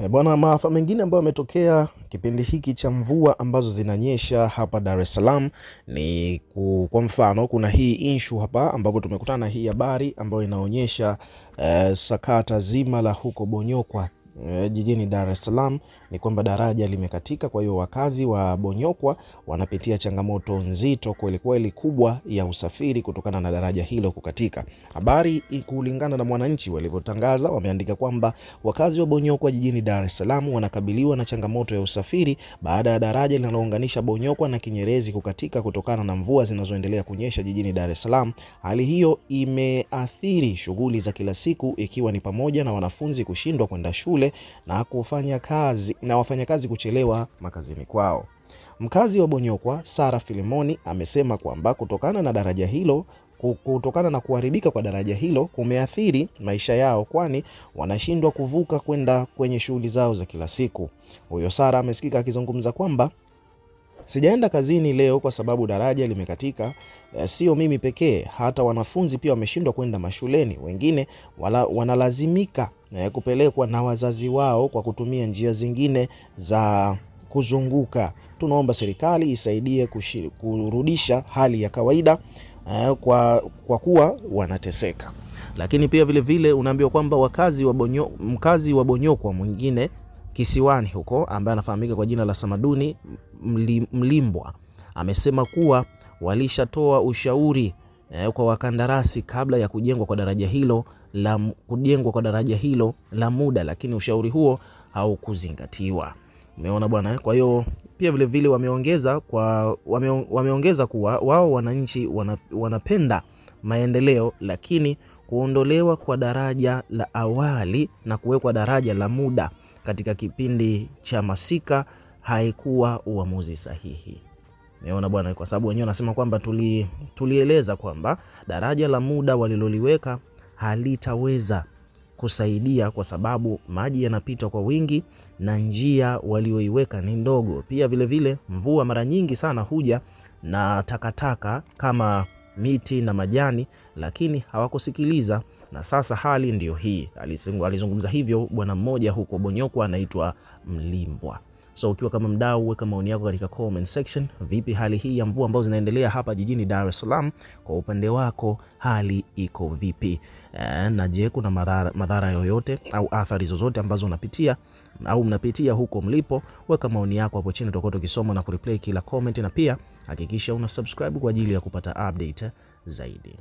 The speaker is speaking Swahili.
E bwana, maafa mengine ambayo yametokea kipindi hiki cha mvua ambazo zinanyesha hapa Dar es Salaam ni kwa mfano, kuna hii inshu hapa ambapo tumekutana na hii habari ambayo inaonyesha e, sakata zima la huko Bonyokwa eh, jijini Dar es Salaam ni kwamba daraja limekatika. Kwa hiyo wakazi wa Bonyokwa wanapitia changamoto nzito kweli kweli kubwa ya usafiri kutokana na daraja hilo kukatika. Habari kulingana na Mwananchi walivyotangaza, wameandika kwamba wakazi wa Bonyokwa jijini Dar es Salaam wanakabiliwa na changamoto ya usafiri baada ya daraja linalounganisha Bonyokwa na Kinyerezi kukatika kutokana na mvua zinazoendelea kunyesha jijini Dar es Salaam. Hali hiyo imeathiri shughuli za kila siku, ikiwa ni pamoja na wanafunzi kushindwa kwenda shule shule na kufanya kazi na wafanyakazi kuchelewa makazini kwao. Mkazi wa Bonyokwa Sara Filimoni amesema kwamba kutokana na daraja hilo kutokana na kuharibika kwa daraja hilo kumeathiri maisha yao, kwani wanashindwa kuvuka kwenda kwenye shughuli zao za kila siku. Huyo Sara amesikika akizungumza kwamba Sijaenda kazini leo kwa sababu daraja limekatika. Eh, sio mimi pekee, hata wanafunzi pia wameshindwa kwenda mashuleni. Wengine wala, wanalazimika eh, kupelekwa na wazazi wao kwa kutumia njia zingine za kuzunguka. Tunaomba serikali isaidie kushir, kurudisha hali ya kawaida eh, kwa, kwa kuwa wanateseka. Lakini pia vilevile unaambiwa kwamba wakazi wa Bonyo, mkazi wa Bonyokwa mwingine kisiwani huko ambaye anafahamika kwa jina la Samaduni Mlimbwa amesema kuwa walishatoa ushauri eh, kwa wakandarasi kabla ya kujengwa kwa daraja hilo la kujengwa kwa daraja hilo la muda, lakini ushauri huo haukuzingatiwa. Umeona bwana. Eh? Kwa hiyo pia vilevile wameongeza kwa wame, wameongeza kuwa wao wananchi wana, wanapenda maendeleo, lakini kuondolewa kwa daraja la awali na kuwekwa daraja la muda katika kipindi cha masika haikuwa uamuzi sahihi. meona bwana, kwa sababu wenyewe wanasema kwamba tuli, tulieleza kwamba daraja la muda waliloliweka halitaweza kusaidia kwa sababu maji yanapita kwa wingi na njia walioiweka ni ndogo. Pia vilevile vile, mvua mara nyingi sana huja na takataka kama miti na majani, lakini hawakusikiliza na sasa hali ndio hii. Alizungumza hivyo bwana mmoja huko Bonyokwa anaitwa Mlimbwa. So ukiwa kama mdau, huweka maoni yako katika comment section. Vipi hali hii ya mvua ambazo zinaendelea hapa jijini Dar es Salaam, kwa upande wako hali iko vipi? E, na je, kuna madhara, madhara yoyote au athari zozote ambazo unapitia au mnapitia huko mlipo? Weka maoni yako hapo chini, tutakuwa tukisoma na kureplay kila comment na pia hakikisha una subscribe kwa ajili ya kupata update zaidi.